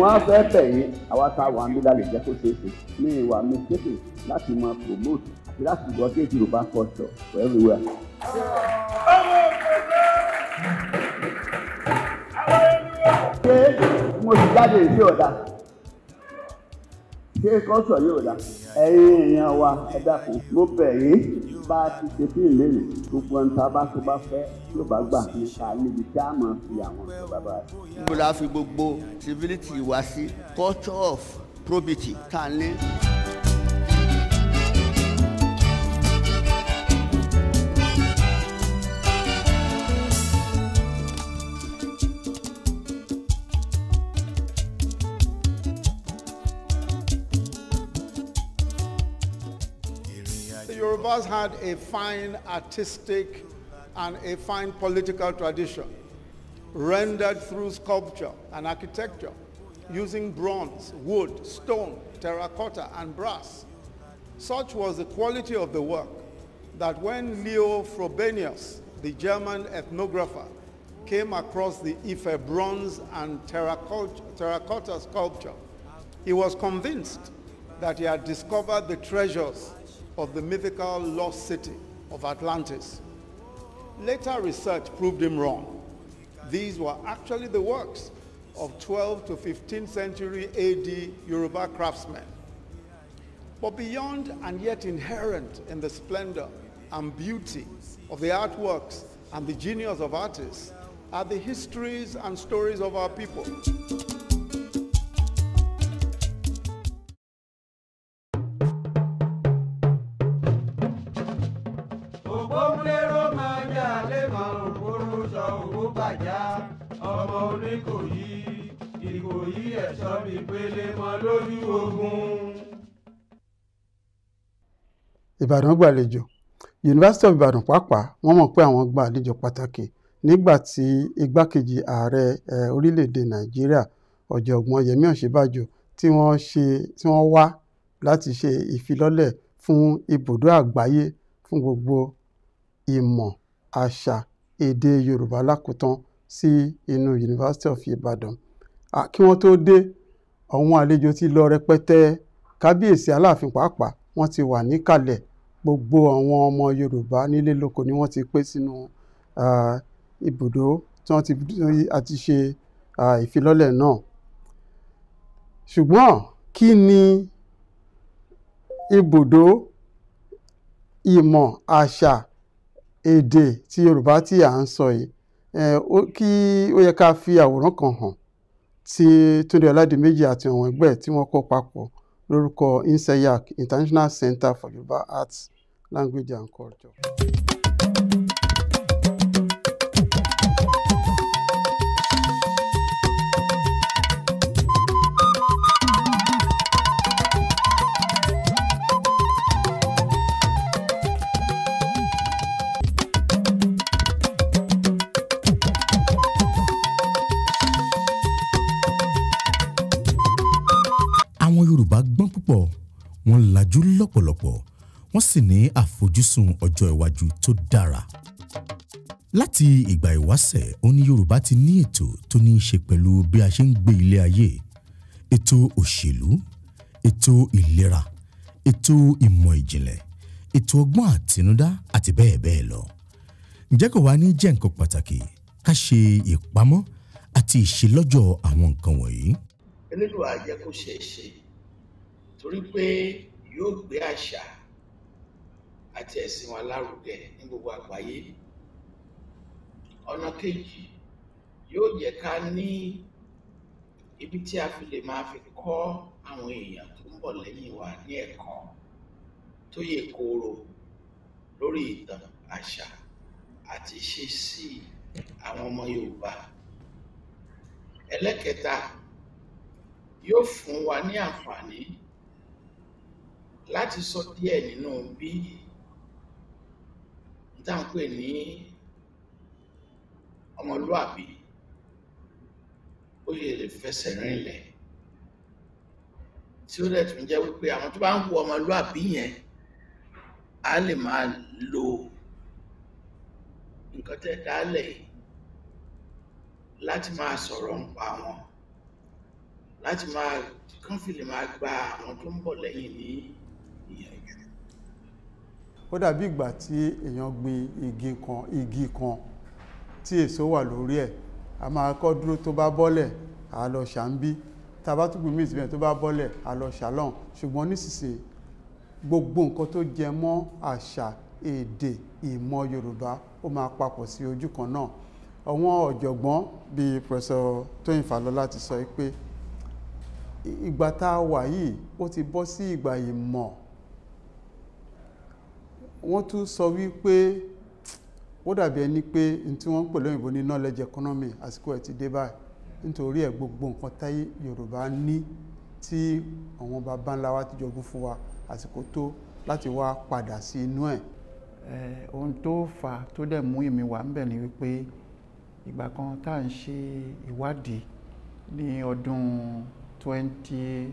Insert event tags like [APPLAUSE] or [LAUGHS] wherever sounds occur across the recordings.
wọ́n á fẹ́ bẹ̀ yín àwa tá wà ń bí lálẹ́ kó ṣeé ṣe ní ìwà mi láti máa promote àti láti gbọ́ géèjì Yorùbá culture for everywhere. ṣé mo ti jáde ọ̀dà bá ti ṣe bí ìlérè gbogbo ohun tá a bá tó bá fẹ́ yóò bá gbà nípa níbi tí a máa fi àwọn ìjọba bá a. ibo la fi gbogbo civility wá sí culture of probity tá a ní. Us had a fine artistic and a fine political tradition rendered through sculpture and architecture using bronze, wood, stone, terracotta, and brass. Such was the quality of the work that when Leo Frobenius, the German ethnographer, came across the Ife bronze and terracotta sculpture, he was convinced that he had discovered the treasures of the mythical lost city of Atlantis. Later research proved him wrong. These were actually the works of 12th to 15th century AD Yoruba craftsmen. But beyond and yet inherent in the splendor and beauty of the artworks and the genius of artists are the histories and stories of our people. ìbàdàn gbàlejò university of ìbàdàn pàápàá wọ́n mọ̀ pé àwọn gba àlejò pàtàkì nígbà tí igbákejì ààrẹ orílẹ̀-èdè nàìjíríà ọ̀jọ̀gbọ́n yẹmi òsínbàjò tí wọ́n ṣe tí wọ́n wá láti ṣe ìfilọ́lẹ̀ fún ibùdó àgbáyé fún gbogbo ìmọ̀ àṣà èdè yorùbá lákòótán sí inú university of ìbàdàn kí wọ́n tó dé àwọn àlejò ti lọ rẹpẹtẹ kábíyèsí aláàfin pàápàá wọ́n ti wà níkàlẹ̀ gbogbo àwọn ọmọ Yorùbá nílé lóko ni wọ́n ti pé sínú ibùdó tí wọ́n ti ṣe ìfilọ́lẹ̀ náà ṣùgbọ́n kí ni ibùdó ìmọ̀ àṣà èdè ti Yorùbá tí à ń sọ yìí kí ó yẹ ká fi àwòrán kan hàn tí Túndé Ọládìméjì àti àwọn ẹgbẹ́ tí wọ́n kó papọ̀ lórúkọ inseyac international center for yorùbá arts language and culture. sì ní àfojúsùn ọjọ́ iwájú tó dára. Láti ìgbà ìwásẹ̀ ó ní Yorùbá ti ní ètò tó ní í ṣe pẹ̀lú bí a ṣe ń gbé ilé ayé ètò òṣèlú ètò ìlera ètò ìmọ̀ ìjìnlẹ̀ ètò ọgbọ́n àtinúdá àti bẹ́ẹ̀ bẹ́ẹ̀ lọ. Ǹjẹ́ kò wá ní jẹ́ nǹkan pàtàkì ká ṣe ìpamọ́ àti ìṣelọ́jọ́ àwọn nǹkan wọ̀nyí. Elédùà á jẹ́ kó ṣeé ṣe torí pé yóò gbé àṣà àti ẹ̀sìn wa lárugẹ ní gbogbo àgbáyé ọ̀nà kejì yóò jẹ́ ká ní ibi tí a fi lè máa fi kọ́ àwọn èèyàn tó ń bọ̀ lẹ́yìn wa ní ẹ̀kọ́ tó yè kooro lórí ìtàn àṣà àti ìṣesí àwọn ọmọ Yorùbá ẹlẹ́kẹta yóò fún wa ní àǹfààní láti sọ díẹ̀ nínú bí tá à ń pè ní ọmọlúàbí ó yẹ lè fẹsẹ̀ rinlẹ̀ tí ó dẹ̀ tún jẹ́ wípé àwọn tó bá ń wo ọmọlúàbí yẹn á lè máa lo nǹkan tẹ́ dálẹ̀ láti máa sọ̀rọ̀ ń pa wọn láti máa kán fi lè máa gba àwọn tó ń bọ̀ lẹ́yìn ní ìyànjú ó dàbí ìgbà tí èèyàn gbin igi kan igi kan tí èso wà lórí ẹ̀ a máa kọ́ dúró tó bá bọ́lẹ̀ a lọ ṣàǹbí tá a bá tún gbin míì síbẹ̀ tó bá bọ́lẹ̀ a lọ ṣàlọ́n ṣùgbọ́n nísinsìnyí gbogbo nǹkan tó jẹ mọ́ àṣà èdè ìmọ̀ Yorùbá ó máa papọ̀ sí ojú kan náà àwọn ọ̀jọ̀gbọ́n bíi pẹ̀sọ̀ Tóyìn Fálọlá ti sọ pé ìgbà tá a wà yìí ó ti bọ́ sí ìgbà ìmọ̀ wọ́n tún sọ wípé ó dàbí ẹni pé n tí wọ́n ń pè ní knowledge economy àsìkò ẹ̀ ti dé báyìí nítorí ẹ̀ gbogbo nǹkan táyé Yorùbá ní tí àwọn baba ńlá wa ti jogún fún wa àsìkò tó láti wá padà sí inú ẹ̀. ohun tó fà tó dẹ̀ mú ìmí wá ń bẹ̀ ni wípé ìgbà kan tá à ń ṣe ìwádìí ní ọdún 2013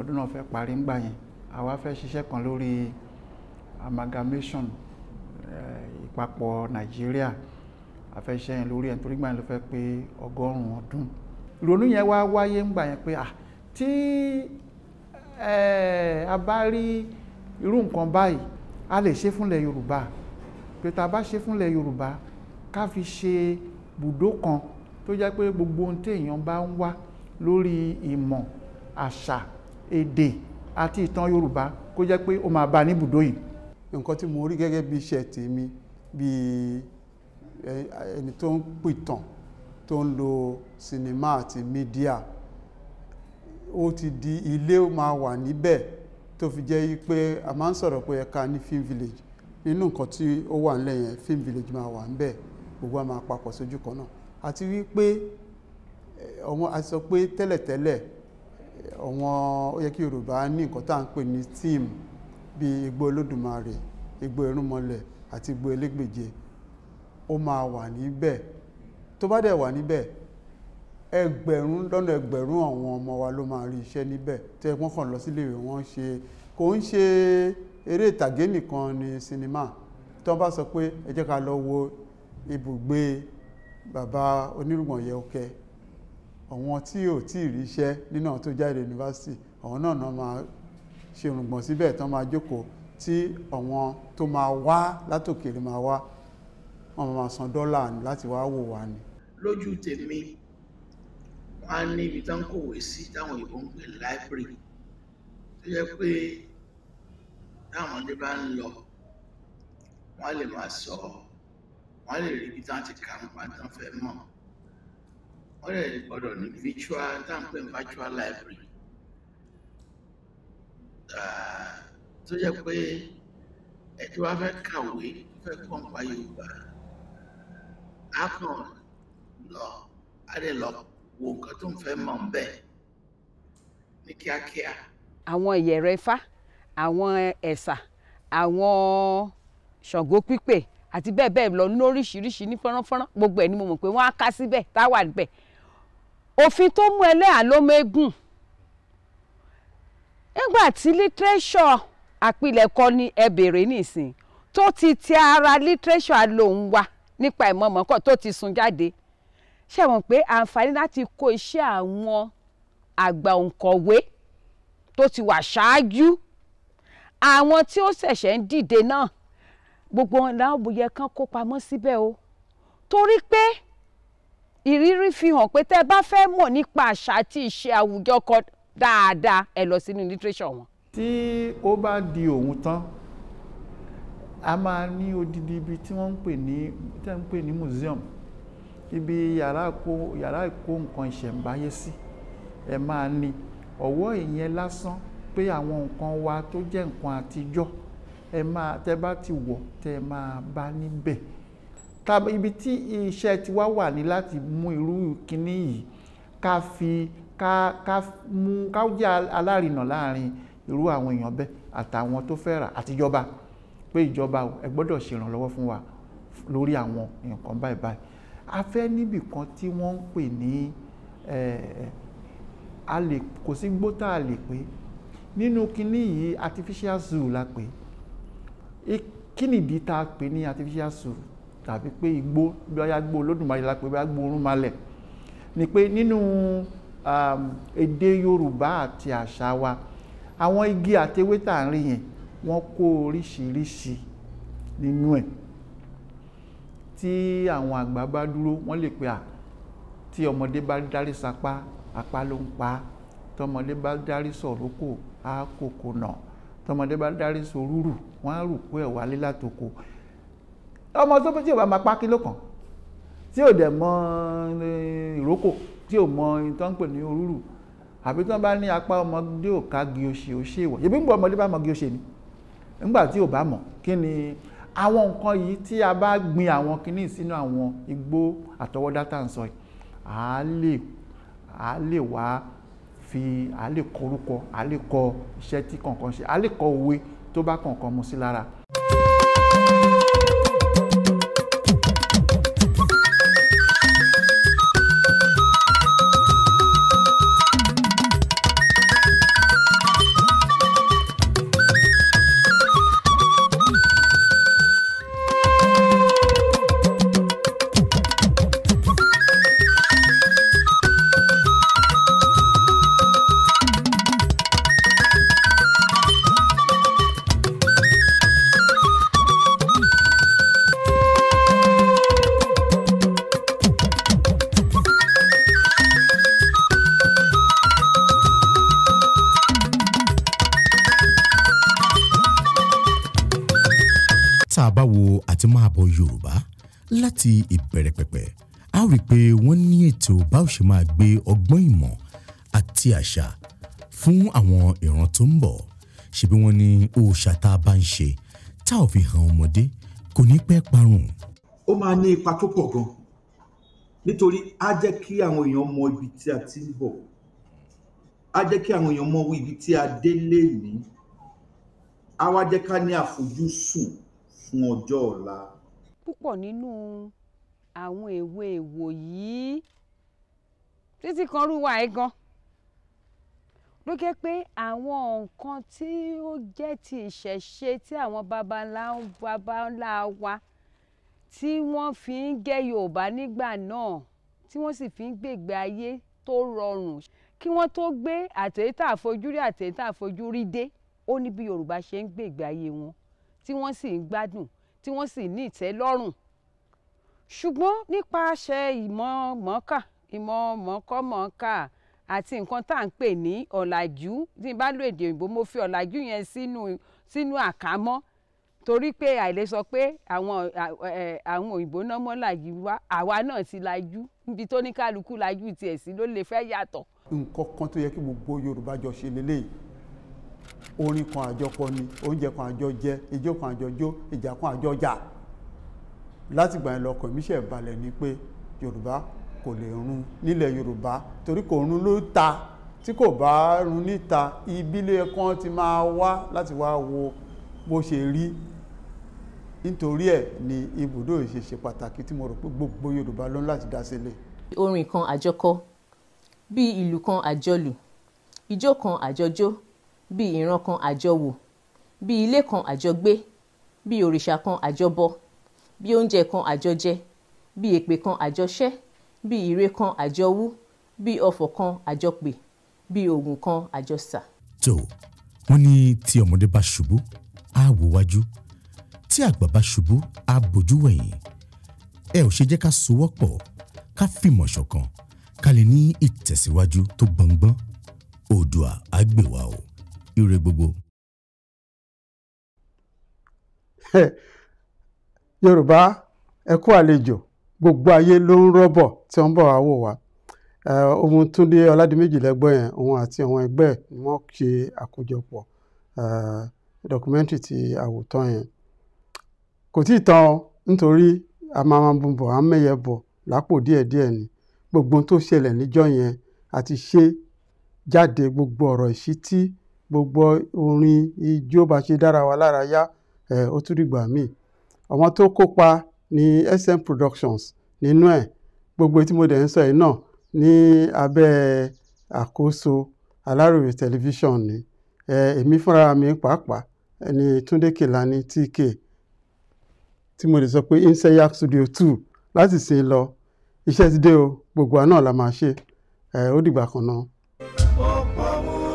ọdún náà fẹ́ parí ńgbà yẹn àwa fẹ́ ṣiṣẹ́ kan lórí amalgamation eh, ìpapọ̀ nàìjíríà àfẹsẹ̀ yẹn lórí ẹ̀ torí gbà yẹn ló fẹ́ pé ọgọ́rùn-ún ọdún ìrònú yẹn wá wáyé ń gbà yẹn pé ah tí eh, a bá rí irú nǹkan báyìí a lè ṣe fúnlẹ̀ yorùbá pé tá a bá ṣe fúnlẹ̀ yorùbá ká fi ṣe bùdó kan tó jẹ́ pé gbogbo ohun téèyàn bá ń wá lórí ìmọ̀ àṣà èdè àti ìtàn yorùbá kó jẹ́ pé ó máa bá a ní bùdó yìí nǹkan tí mo rí gẹ́gẹ́ bí iṣẹ́ tèmi bí ẹni tó ń pìtàn tó ń lo sinimá àti mídíà ó ti di ilé ó máa wà níbẹ̀ tó fi jẹ́ pé a máa ń sọ̀rọ̀ pé ẹ̀ka ní film village nínú nǹkan tí ó wà nílẹ̀ film village máa wà níbẹ̀ gbogbo a máa papọ̀ sójú kan náà àti wípé àwọn a sọ pé tẹ́lẹ̀tẹ́lẹ̀ àwọn ó yẹ kí Yorùbá ní nǹkan tá à ń pè ní team bíi igbó olódùmarè igbó irúnmọlẹ̀ àti igbó elégbèje ó máa wà níbẹ̀ tó bá dẹ̀ wà níbẹ̀ ẹgbẹ̀rún lọ́nà ẹgbẹ̀rún àwọn ọmọ wa ló máa rí iṣẹ́ níbẹ̀ tẹ́ wọ́n kàn lọ sílé ìwé wọ́n ṣe kò ń ṣe eré ìtàgé nìkan ni sinimá tó bá sọ pé ẹ jẹ́ ká lọ wo ibùgbé bàbá onírùgbọ̀nyẹ ọkẹ àwọn tí ò tí ì ríṣẹ́ nínú àwọn tó jáde yunifásitì àwọn náà náà máa ṣe òrùngbọ̀n síbẹ̀ tán máa jókòó tí àwọn tó máa wá látòkèrè máa wá wọn máa san dọ́là láti wá wò wá ni. lójú tèmi wọn á ní ibi táwọn kòwé sí táwọn òyìnbó ń pè láìbírì tó jẹ́ pé táwọn ọdẹ bá ń lọ wọn lè máa sọ wọn lè rí ibi táwọn ti kà ń pa tán fẹ́ mọ̀ wọn lè gbọ́dọ̀ ní virtual táwọn pè ní virtual library tó jẹ́ pé ẹjọ́ wa fẹ́ kàwé fẹ́ pọ̀npa Yorùbá á kàn lọ a lè lọ wo nǹkan tó ń fẹ́ mọ̀ ń bẹ̀ ní kíákíá. àwọn ìyẹ̀rẹ̀ ifá àwọn ẹ̀sà àwọn ṣàngó pípè àti bẹ́ẹ̀ bẹ́ẹ̀ lọ lóríṣiríṣi ní fọ́nránfọ́nrán gbogbo ẹ̀ ni mo mọ̀ pé wọ́n á ká síbẹ̀ táwa níbẹ̀ òfin tó mú ẹlẹ́yà ló mẹ́gùn nígbà tí lítírẹ́ṣọ̀ àpilẹ̀kọ ni ẹ bèrè nísìn tó ti ti ara lítírẹ́ṣọ̀ alóhùn wa nípa ìmọ̀mọ́kọ̀ tó ti sun jáde ṣe mọ̀ pé àǹfààní láti kó iṣẹ́ àwọn àgbà òǹkọ̀wé tó ti wà ṣáájú àwọn tí ó ṣẹ̀ṣẹ̀ ń dìde náà gbogbo làwọn bòyẹ kan kó pamọ́ síbẹ̀ o torí pé ìrírí fi hàn pé tẹ́ ẹ bá fẹ́ mọ̀ nípa àṣà àti ìṣe àwùjọ kan dáadáa ẹ lọ sínú literature wọn. tí ó bá di òun tán a máa ní odidi ibi tí wọ́n ń pè ní tí wọ́n ń pè ní museum ibi yàrá kó yàrá ìkó nǹkan ìṣẹ̀ǹbáyé sí ẹ máa ní ọ̀wọ́ ìyẹn lásán pé àwọn nǹkan wa tó jẹ́ nǹkan àtijọ́ ẹ máa tẹ bá ti wọ̀ tẹ máa bá níbẹ̀ ibi tí iṣẹ́ tiwa wà ní láti mú irú kíní yìí ká fi ka ka mú ka jẹ́ alárìnà láàrin irú àwọn èèyàn bẹ́ẹ̀ àtàwọn tó fẹ́ rà àtijọba pé ìjọba ẹ gbọ́dọ̀ ṣèrànlọ́wọ́ fún wa lórí àwọn nǹkan báyìí báyìí a fẹ́ níbì kan tí wọ́n ń pè ní a lè kò sí gbó tá a lè pé nínú kinní yìí artificial zoo la pè kí nìdí tá a pè ní artificial zoo tàbí pé igbó bí wọ́n yá gbó Olódùmarè la pè bí wọ́n yá gbó orúnmalẹ̀ ni pé nínú. Um, èdè Yorùbá àti àṣà wa àwọn igi àtewé tá à ń rí yẹn wọ́n kó oríṣiríṣi nínú ẹ̀ tí àwọn àgbà bá dúró wọ́n lè pe à tí ọmọdé bá dárí sapá apá ló ń pa tọmọdé bá dárí sọ̀rókò á kòkò nà tọmọdé bá dárí sorúrù wọ́n á rò pé ẹ̀ wálé látòkò ọmọ tó bá tí ò bá máa pa kí ló kàn tí ò dẹ̀ mọ eh, ìrókò tí ò mọ ohun tó ń pè ní orúrù àbí tí wọ́n bá ní apá ọmọdé ò ká gi oṣè oṣè wọ̀ yẹ̀bí ń gbọ́ ọmọdé bá mọ gi oṣè ni nígbà tí ò bá mọ̀ kí ni àwọn nǹkan yìí tí a bá gbin àwọn kinní sínú àwọn igbó àtọwọ́dá tá à ń sọ yìí à á lè à á lè wá fi à á lè kọ orúkọ à á lè kọ iṣẹ́ tí kọ̀ọ̀kan ṣe à á lè kọ òwe tó bá kọ̀ọ̀kan mu sí lára. ààbọ̀ Yorùbá láti ìbẹ̀rẹ̀ pẹ̀pẹ̀ a rí i pé wọ́n ní ètò báwo ṣe máa gbé ọgbọ́n ìmọ̀ àti àṣà fún àwọn ìran tó ń bọ̀ ṣebí wọ́n ní òòṣà tá a bá ń ṣe tá ò fi hàn ọmọdé kò ní pẹ́ parun. ó máa ní ipa tó pọ̀ gan nítorí á jẹ́ kí àwọn èèyàn mọ ibi tí a ti ń bọ̀ á jẹ́ kí àwọn èèyàn mọ ibi tí a dé lénìí á wá jẹ́ ká ní àfojúsùn fún ọjọ́ ọ̀la púpọ̀ nínú àwọn èwe èwò yìí títí kan rúwa ẹ̀ gan ló jẹ́ pé àwọn nǹkan tí ó jẹ́ ti ìṣẹ̀ṣe tí àwọn baba ńlá wa tí wọ́n fi ń gẹ́ Yorùbá nígbà náà tí wọ́n sì fi ń gbègbè ayé tó rọrùn kí wọ́n tó gbé àtẹ̀yìntà àfojúrí àtẹ̀yìntà àfojúrí dé ó ní bí Yorùbá ṣe ń gbègbè ayé wọn tí wọ́n sì ń gbádùn tí wọ́n sì ní ìtẹ́lọ́rùn ṣùgbọ́n nípasẹ̀ ìmọ̀ mọ̀ọ́kà ìmọ̀ mọ̀ọ́kọ́mọ̀ọ́kà àti nǹkan tá à ń pè ní ọ̀làjú tí n bá lo èdè òyìnbó mo fi ọ̀làjú yẹn sínú sínú àkámọ́ torí pé àìlè sọ pé àwọn àwọn òyìnbó náà mọ́ làjú wá àwa náà ti làjú níbi tó ní kálukú làjú tiẹ̀ sí ló lè fẹ́ yàtọ̀. nǹkan kan tó yẹ kí gbogbo Yorùbá jọ ṣe lélẹ́yìí orin kan àjọkọ ni oúnjẹ kan àjọ jẹ ijó kan àjọ jó ìjà kan àjọ jà látìgbà yẹn lọkọ̀ mi ṣe balẹ̀ ni pé yorùbá kò lè run nílẹ̀ yorùbá torí kò run ló ta tí kò bá run níta ìbílẹ̀ kan ti máa wá láti wá wo bó ṣe rí nítorí ẹ̀ ni ibùdó ìṣe ṣe pàtàkì tí mo rò pé gbogbo yorùbá ló ń láti dá sílẹ̀. orin kan àjọkọ bíi ìlù kan àjọlù ijó kan àjọjó bí ìran kan àjọwò bí ilé kan àjọgbé bí òrìṣà kan àjọbọ bí oúnjẹ kan àjọjẹ bí èpè kan àjọṣẹ́ bí ire kan àjọwú bí ọ̀fọ̀ kan àjọpè bí oògùn kan àjọsà. tó wọ́n ní tí ọmọdé bá ṣubú á wò wájú tí àgbà bá ṣubú á bojú wẹ̀yìn ẹ ò ṣe jẹ́ ká sowọ́pọ̀ ká fìmọ̀ ṣọ̀kan ká lè ní ìtẹ̀síwájú tó gbọ̀ngbọ́n Oòduà á o ire gbogbo. [LAUGHS] yorùbá ẹ kú àlejò gbogbo ayé ló ń rọ́bọ̀ tí wọ́n ń bọ̀ wá wò wá ohun Túndé Ọládìméjì lẹ́gbọ́n yẹn òun àti àwọn ẹgbẹ́ ni wọ́n ṣe àkójọpọ̀ dọkumẹ́ntì ti àwòtán yẹn kò tí ì tán nítorí a máa máa bùn bọ̀ à ń mẹ́yẹ bọ̀ lápò díẹ̀díẹ̀ ni gbogbo tó ṣẹlẹ̀ níjọ́ yẹn àti ṣe jáde gbogbo ọ̀rọ̀ ìṣítí gbogbo orin ijó bá ṣe dára wa lára yá ó tún dìgbà míì àwọn tó kópa ní SM Productions nínú ẹ̀ gbogbo tí mo dẹ̀ ń sọ yìí náà ní abẹ́ àkóso Aláròyé tẹlifíṣàn ni èmi fúnra mi pàápàá ẹni Túndé Kèlání TK tí mo lè sọ pé Inseyak Studio two láti sìn lọ iṣẹ́ ti dé o gbogbo àná la máa ṣe ó dìgbà kan náà. ọ̀pọ̀ wo